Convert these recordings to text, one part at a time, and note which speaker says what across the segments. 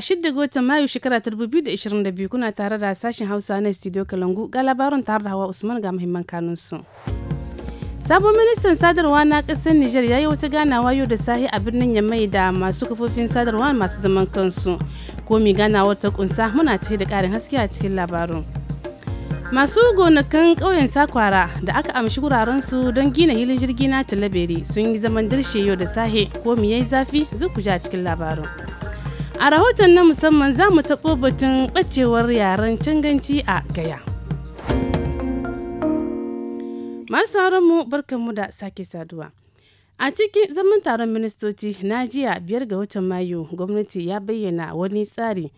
Speaker 1: shidda 6 ga watan Mayu shekara ta 2022 kuna tare da sashen Hausa na Studio Kalangu ga labarin tare da Hawa Usman ga muhimman kanunsu. Sabon ministan sadarwa na ƙasar Nijar ya yi wata ganawa yau da sahi a birnin Yamai da masu kafofin sadarwa masu zaman kansu. Komi ganawa ta kunsa muna ta da ƙarin haske a cikin labarin. masu gonakan ƙauyen sakwara da aka amshi su don gina hilin jirgi na talabere sun yi zaman dirshe yau da sahe ko ya yayi zafi zuku ja cikin labarin a rahoton na musamman za mu taɓo batun ɓacewar yaren canganci a gaya masu mu barkanmu da sake saduwa a cikin zaman taron ministoci na jiya biyar ga watan mayu gwamnati ya bayyana wani tsari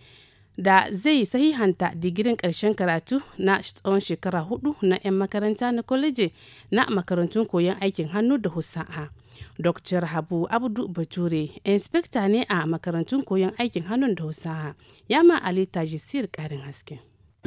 Speaker 1: da zai sahihanta digirin ƙarshen karatu na tsawon shekara hudu na 'yan makaranta na kwaleji na makarantun koyon aikin hannu da husa'a. Dr. Habu Abdu Bature, inspekta ne a makarantun koyon aikin hannun da ya ma Ali Tajisir ƙarin haske.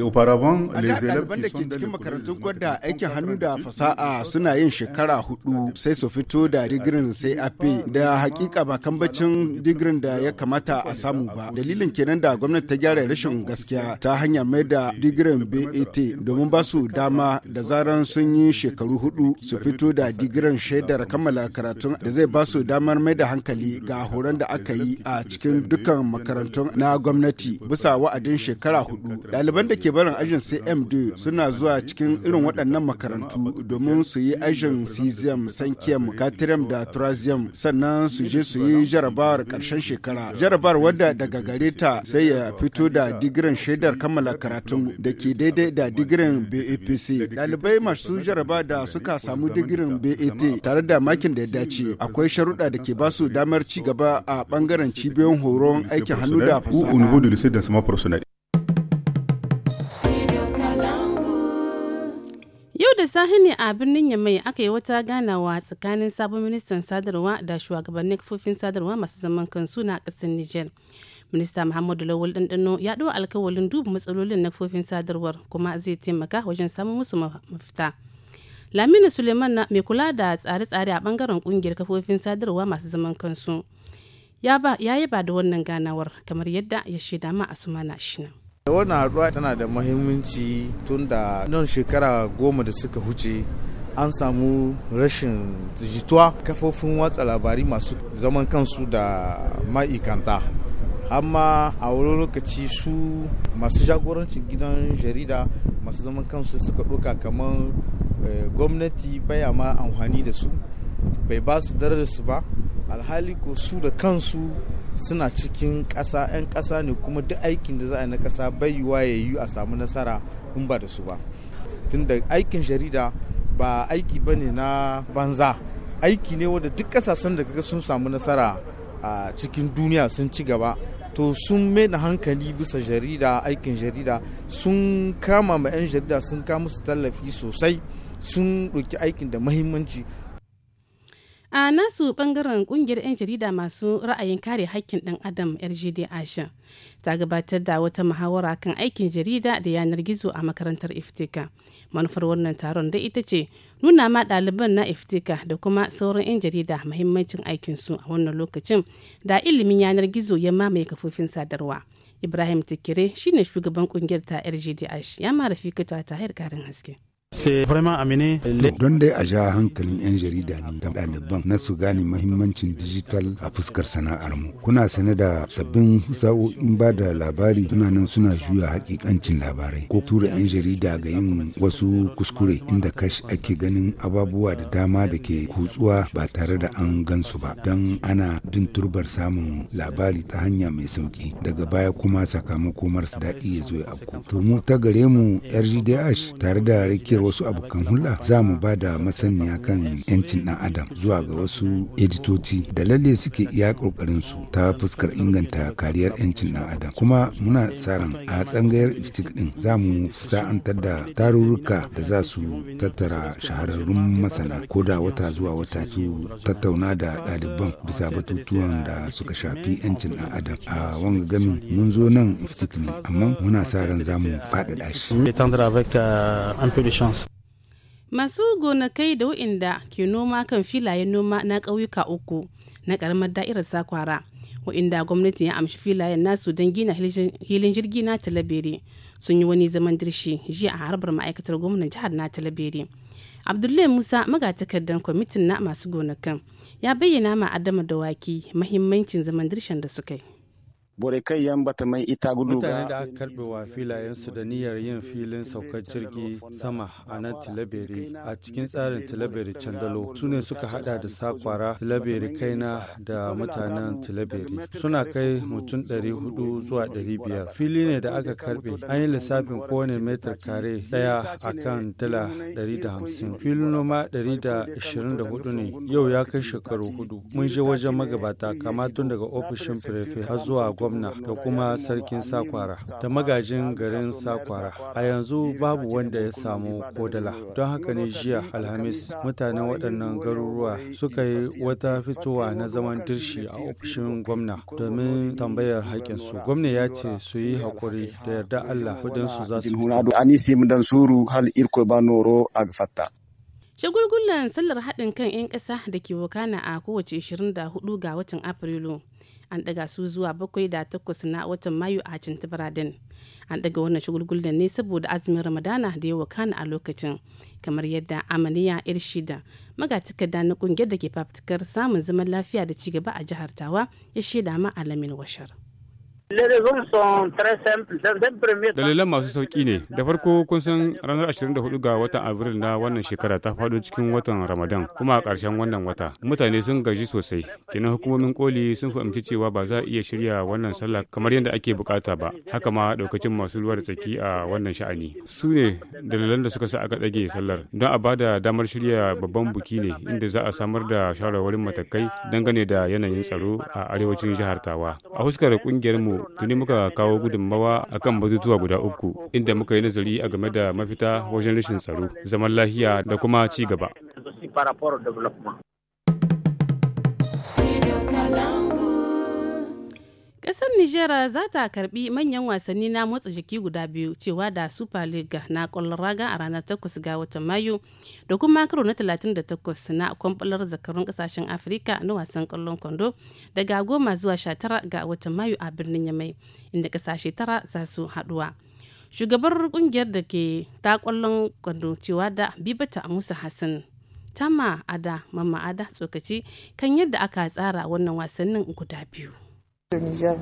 Speaker 2: auparavant les élèves da ke cikin makarantun gwada aikin hannu da fasaha suna yin shekara hudu sai su fito da digirin sai afe da hakika ba kambacin digirin da ya kamata a samu ba dalilin kenan da gwamnati ta gyara rashin gaskiya ta hanyar mai da digirin BAT domin ba su dama da zaran sun yi shekaru hudu su fito da digirin shaidar kammala karatun da zai ba su damar mai da hankali ga horon da aka yi a cikin dukkan makarantun na gwamnati bisa wa'adin shekara hudu ɗaliban da ke ke barin ajin cm2 suna zuwa cikin irin waɗannan makarantu domin su yi ajin cesium sankiyam katirem da turazium sannan su je su yi jarabawar ƙarshen shekara jarabar wadda daga gareta sai ya fito da digirin shaidar kammala karatun da ke daidai da digirin bapc ɗalibai masu jaraba da suka samu digirin bat tare da makin da ya dace akwai sharuɗa da ke basu damar ci gaba a bangaren cibiyoyin horon aikin hannu da
Speaker 3: fasaha
Speaker 1: Yau da sahi ne a birnin Yamai aka yi wata ganawa tsakanin sabon ministan sadarwa da shugabannin kafofin sadarwa masu zaman kansu na ƙasar Nijar. Minista Muhammadu Lawal ɗanɗano ya ɗau alkawalin duba matsalolin na kafofin sadarwar kuma zai taimaka wajen samun musu mafita. Lamina Suleiman na mai kula da tsare-tsare a bangaren kungiyar kafofin sadarwa masu zaman kansu. Ya yi ba da wannan ganawar kamar yadda ya shaida ma Asumana Shinan.
Speaker 4: wannan haɗuwa tana da mahimmanci tun da nan shekara goma da suka huce an samu rashin jituwa kafofin watsa labari masu zaman kansu da ma'aikanta amma a wani lokaci su masu jagorancin gidan jarida masu zaman kansu suka ɗauka kamar eh, gwamnati baya ma amfani da su bai ba su darajarsu ba alhali ko su da kansu suna cikin ƙasa 'yan ƙasa ne kuma duk aikin da za a na ƙasa bai yiwa ya yi a samu nasara in ba da su ba tunda aikin jarida ba aiki ba ne na banza aiki ne wanda duk ƙasashen da kaga sun samu nasara a cikin duniya sun ci gaba to sun mai da hankali bisa jarida aikin jarida sun kama ma 'yan jarida sun kama su tallafi sosai sun ɗauki aikin da mahimmanci
Speaker 1: a nasu bangaren kungiyar 'yan jarida masu ra'ayin kare hakkin ɗan adam asha ta gabatar da wata muhawara kan aikin jarida da yanar gizo a makarantar iftika manufar wannan taron da ita ce nuna ma ɗaliban na iftika da kuma sauran 'yan jarida mahimmancin aikinsu a wannan lokacin da ilimin yanar gizo ya mamaye kafofin sadarwa ibrahim tikire shine shugaban kungiyar ta rgdh ya mara fikata ta karin haske
Speaker 2: sai farma amine
Speaker 5: don dai a sha hankalin yan jarida ne da ɗaliban na su gane mahimmancin digital a fuskar sana'ar mu kuna sane da sabbin sa'o'in ba da labari suna nan suna juya hakikancin labarai ko tura yan jarida ga yin wasu kuskure inda kash ake ganin ababuwa da dama da ke kutsuwa ba tare da an gansu ba don ana bin turbar samun labari ta hanya mai sauki daga baya kuma sakamako marasa daɗi ya zo ya afku to mu ta gare mu yar tare da rikiyar gayyatar wasu abokan hulɗa za mu ba da masaniya kan 'yancin ɗan adam zuwa ga wasu editoci da lalle suke iya ƙoƙarin su ta fuskar inganta kariyar 'yancin ɗan adam kuma muna tsarin a tsangayar iftik ɗin za mu sa'antar da tarurruka da za su tattara shahararrun masana ko da wata zuwa wata su tattauna da ɗaliban bisa batutuwan da suka shafi 'yancin ɗan adam a wanga gamin mun zo nan
Speaker 6: iftik ne amma muna sa ran za mu faɗaɗa shi.
Speaker 1: masu gonakai da wa'inda ke noma kan filayen noma na ƙauyuka uku na ƙaramar da'irar sakwara wa'inda gwamnati ya amshi filayen nasu don gina hilin jirgi na talabere sun yi wani zaman dirshi jiya a harbar ma'aikatar gwamnan jihar na talabere abdullahi musa magatakardan kwamitin na masu gonakan ya bayyana ma adama waki mahimmancin zaman dirshan da suka yi
Speaker 2: bore kai yan bata mai ita gudu ba. mutane
Speaker 6: da aka wa filayensu da niyyar yin filin saukar jirgi sama a nan tilaberi a cikin tsarin Tilabere candalo su ne suka hada da sakwara tilaberi kaina da mutanen Tilabere. suna kai mutum 400 zuwa 500 fili ne da aka karbe an yi lissafin kowane metar kare daya a kan dala 150 filin noma 124 ne yau ya kai shekaru hudu mun je wajen magabata kama tun daga ofishin prefe har zuwa gwamnati gwamna da kuma sarkin sakwara da magajin garin sakwara a yanzu babu wanda ya samu kodala don haka ne jiya alhamis mutanen waɗannan garuruwa suka yi wata fitowa na zaman dirshi a ofishin gwamna domin tambayar haƙƙinsu gwamna ya ce su yi haƙuri da yarda allah kuɗinsu za
Speaker 2: su
Speaker 4: fata.
Speaker 1: shagulgulan sallar haɗin kan 'yan ƙasa da ke wakana a kowace 24 ga watan afrilu an daga su zuwa bakwai da takwas na watan mayu a hacin tabradin an daga wannan shagulgulan ne saboda azumin ramadana da yawa kana a lokacin kamar yadda amaliya irshida shida magatakarda na kungiyar da ke fafutukar samun zaman lafiya da cigaba a jihar tawa ya shaida ma alamin washar.
Speaker 3: Dalilan masu sauƙi ne, da farko kun san ranar 24 ga watan Abril na wannan shekara ta faɗo cikin watan Ramadan kuma a ƙarshen wannan wata. Mutane sun gaji sosai, kinan hukumomin koli sun fahimci cewa ba za a iya shirya wannan sallah kamar yadda ake bukata ba, haka ma ɗaukacin masu ruwa da tsaki a wannan sha'ani. Su ne dalilan da suka sa aka ɗage sallar, don a ba da damar shirya babban buki ne inda za a samar da shawarwarin matakai dangane da yanayin tsaro a arewacin jihar Tawa. A huskar ƙungiyar mu tuni muka kawo gudunmawa akan batutuwa guda uku inda muka yi nazari a game da mafita wajen rashin tsaro zaman lafiya da kuma ci gaba.
Speaker 1: Ƙasar nigeria za ta karbi manyan wasanni na motsa jiki guda biyu cewa da Super League na kwallon raga a ranar 8 ga watan Mayu da kuma karo na 38 na kwamfular zakarun kasashen Afirka na wasan kwallon kwando daga goma zuwa 19 ga watan Mayu a birnin Yamai inda kasashe tara za su haduwa Shugabar kungiyar da ke ta kwallon kwando cewa da Bibata Musa Hassan Tama Ada mama Ada tsokaci kan yadda aka tsara wannan wasannin guda biyu.
Speaker 4: Nijar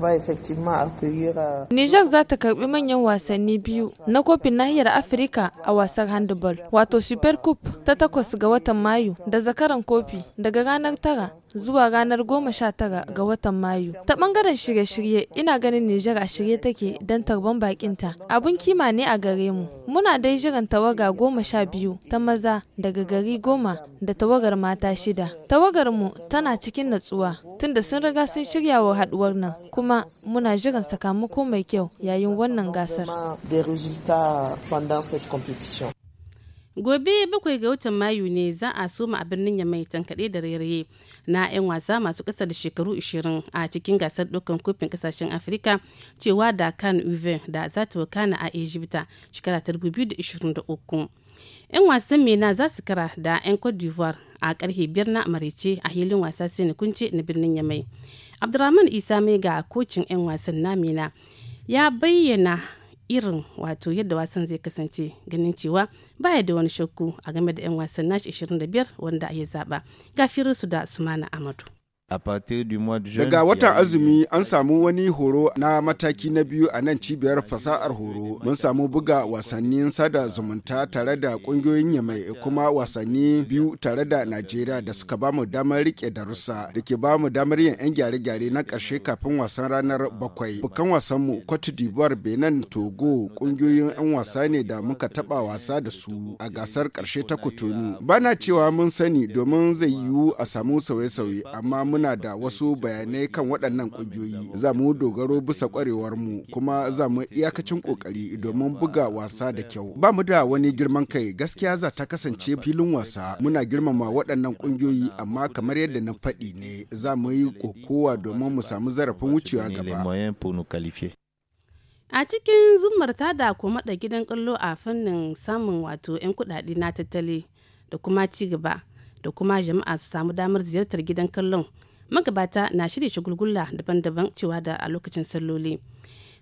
Speaker 4: euh,
Speaker 1: za ta karbi manyan wasanni biyu na kofin nahiyar Afirka a wasar handball, wato Super Cup ta takwas ga watan Mayu da zakaran kofi daga ranar tara zuwa ranar 19 ga watan Mayu. Ta bangaren shirye-shirye ina ganin Nijar a shirye take don tarban bakinta. Abun kima ne a gare mu. Muna dai jiran tawaga goma sha biyu ta maza daga gari goma da tawagar mata shida. Tawagar mu tana cikin natsuwa tunda sun riga sun shirya wa haduwar nan kuma muna jiran sakamako mai kyau
Speaker 4: yayin wannan gasar.
Speaker 1: gobe bakwai ga watan mayu ne za a soma a birnin yamai tankaɗe da rairaye na 'yan wasa masu ƙasa da shekaru 20 a cikin gasar ɗaukan kofin ƙasashen afirka cewa da kan uve da za ta wakana a egypta shekara 2023 'yan wasan mena za su kara da 'yan cote d'ivoire a ƙarfe biyar na marece a hilin wasa sai kunce na birnin yamai abdurrahman isa mai ga kocin 'yan wasan na mena ya bayyana irin wato yadda wasan zai kasance ganin cewa baya da wani shakku a game da 'yan wasan nashi 25 wanda a yi zaba gafirinsu da sumana amadu
Speaker 4: Daga watan
Speaker 2: azumi an samu wani horo na mataki na biyu a nan cibiyar fasahar horo. Mun samu buga wasannin sada zumunta tare da kungiyoyin yamai kuma wasanni biyu tare da Najeriya da suka bamu damar rike darussa da ke bamu damar yin 'yan gyare-gyare na karshe kafin wasan ranar bakwai. Bukan mu Cote d'Ivoire, Benin, Togo kungiyoyin 'yan wasa ne da muka taba wasa da su a gasar karshe ta kutuni Bana cewa mun sani domin zai yiwu a samu sauye-sauye amma mun muna da wasu bayanai kan waɗannan ƙungiyoyi za mu dogaro bisa mu kuma za mu iyakacin ƙoƙari domin buga wasa da kyau ba mu da wani girman kai gaskiya za ta kasance filin wasa muna girmama waɗannan ƙungiyoyi amma kamar yadda na faɗi ne za mu yi kokowa domin mu samu zarafin wucewa gaba
Speaker 1: a cikin zumarta da kuma da gidan kallo a fannin samun wato 'yan kudade na tattali da kuma ci gaba da kuma jama'a su samu damar ziyartar gidan kallon magabata na shirya shagulgula daban-daban cewa da a lokacin salloli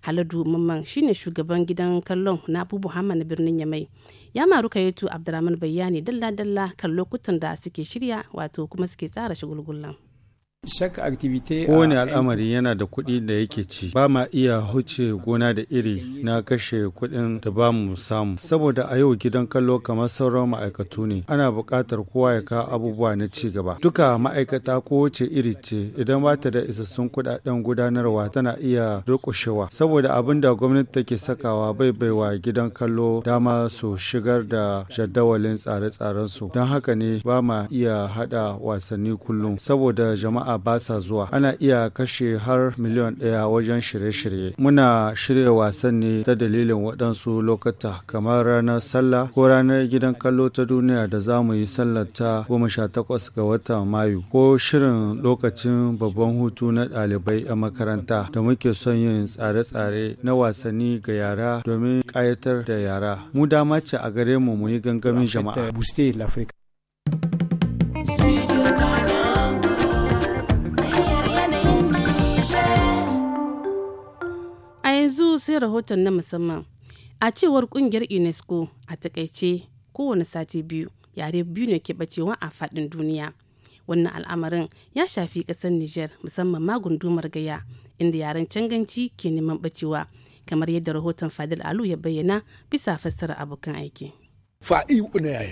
Speaker 1: haladu mamman shine shugaban gidan kallon na abubu hama na birnin yamai ya maru kayetu abdulrahman bayani dalla-dalla kan lokutan da suke shirya wato kuma suke tsara shagulgulan
Speaker 3: Kowane al'amari
Speaker 6: yana da kuɗi da yake ci. Ba ma iya huce gona da iri na kashe kuɗin da ba mu samu. Saboda a yau gidan kallo kamar sauran ma'aikatu ne. Ana buƙatar kowa ya kawo abubuwa na ci gaba. Duka ma'aikata ko kowace iri ce idan ba ta da isassun kuɗaɗen gudanarwa tana iya durƙushewa. Saboda abin da gwamnati take sakawa bai baiwa gidan kallo dama su shigar da jadawalin tsare tsaren su, Don haka ne ba ma iya hada wasanni kullum. Saboda jama'a ba sa zuwa ana iya kashe har miliyan ɗaya wajen shirye-shirye muna shirya wasan ne ta dalilin waɗansu lokuta kamar ranar sallah ko ranar gidan kallo ta duniya da za mu yi sallar ta goma sha takwas ga watan mayu ko shirin lokacin babban hutu na ɗalibai a makaranta da muke son yin tsare-tsare na wasanni ga yara domin ƙayatar da yara mu dama ce a gare mu mu yi gangamin jama'a
Speaker 1: sai rahoton na musamman a cewar kungiyar unesco a takaice kowane sati biyu yare biyu ne ke bacewa a fadin duniya wannan al'amarin ya shafi kasar niger musamman ma gundumar gaya inda yaren canganci ke neman bacewa kamar yadda rahoton fadil alu ya bayyana bisa fassara abokan aiki
Speaker 5: fa'i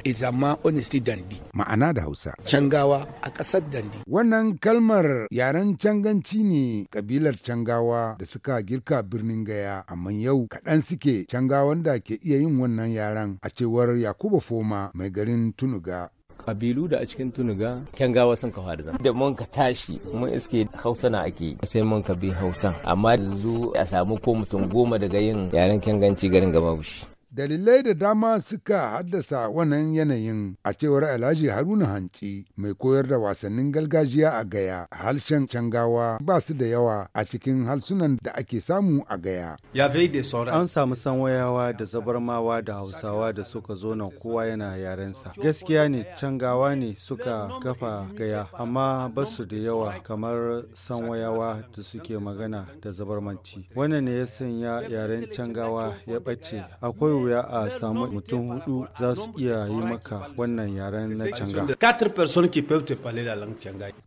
Speaker 5: ita ma honesty dandi ma'ana da hausa cangawa a ƙasar dandi wannan kalmar yaren canganci ne kabilar cangawa da suka girka birnin gaya amma yau kaɗan suke cangawan da ke iya yin wannan yaren a cewar yakuba foma mai garin tunuga
Speaker 3: kabilu da a cikin tunuga kyangawa sun kawo da zama da mun ka tashi mun iske hausa na ake sai mun ka bi hausa amma yanzu a samu ko mutum goma daga yin yaren kyanganci garin gaba bushi
Speaker 5: Dalilai da dama suka haddasa wannan yanayin a cewar Alhaji Haruna Hanci mai koyar da wasannin gargajiya a Gaya harshen Cangawa ba su da yawa a cikin halsunan da ake samu a Gaya.
Speaker 6: An samu sanwayawa da zabarmawa da Hausawa da suka zo nan kowa yana yarensa. Gaskiya ne Cangawa ne suka kafa Gaya amma ba su da yawa kamar sanwayawa da suke magana da zabarmanci. Wannan ne ya sanya yaren Cangawa ya ɓace. Akwai wuya a samu mutum hudu za su iya yi maka wannan yaren na canga.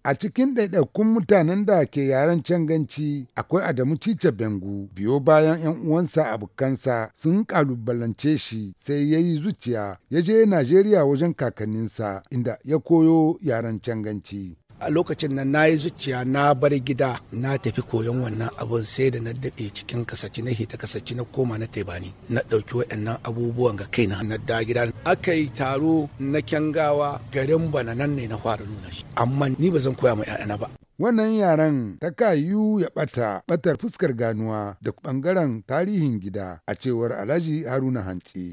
Speaker 6: A cikin ɗaiɗaikun
Speaker 5: mutanen da ke yaren canganci akwai Adamu Cice Bengu biyo bayan 'yan uwansa abokansa sun kalubalance shi sai ya yi zuciya ya je Najeriya wajen kakanninsa inda ya koyo yaren canganci. a lokacin nan na yi zuciya na bar gida na tafi koyon wannan abun sai da na daɗe cikin kasace na hita kasaci na koma na taibani na ɗauki waɗannan abubuwan ga kaina na da gida aka yi taro na kyangawa garin bana nan ne na fara nuna shi amma ni ba zan koya ma 'ya'yana ba Wannan yaren ta kayu ya bata ɓatar fuskar ganuwa da ɓangaren tarihin gida a cewar Alhaji Haruna hanci.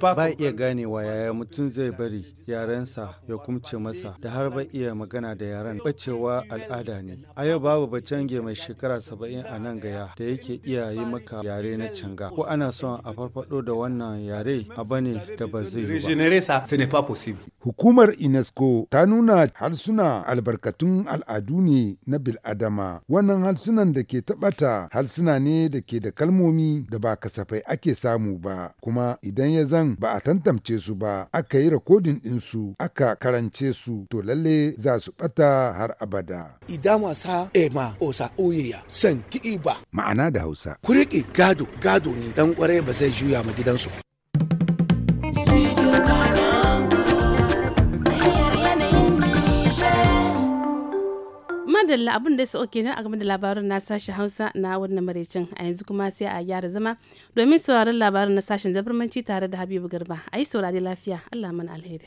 Speaker 6: Ba iya ganewa yaya mutum zai bari yarensa ya kumce masa da har ba iya magana da yaren bacewa al'ada ne. A yau babu bacange mai shekara saba'in a nan gaya da yake iya yi maka yare na canga. Ko ana son a farfado da wannan yare a bane da ba zai yi ba.
Speaker 5: Hukumar UNESCO ta nuna harsuna albarkatun al'adu ne na bil'adama wannan halsunan da ke taɓata harsuna ne da ke da kalmomi da ba kasafai ake samu ba kuma idan ya zan ba a tantance su ba aka yi rakodin ɗinsu aka karance su to lalle za su ɓata har abada. idan sa ema osa oyeya san ki'i ba. Ma'ana da Hausa. Kuriki gado gado ne dan kwarai ba zai juya ma gidansu.
Speaker 1: madalla abin da su oke a game da labarin na sashen hausa na wannan maraicin a yanzu kuma sai a gyara zama domin sauraron labarin na sashen zabarmanci tare da habibu garba a yi saurari lafiya allah mana alheri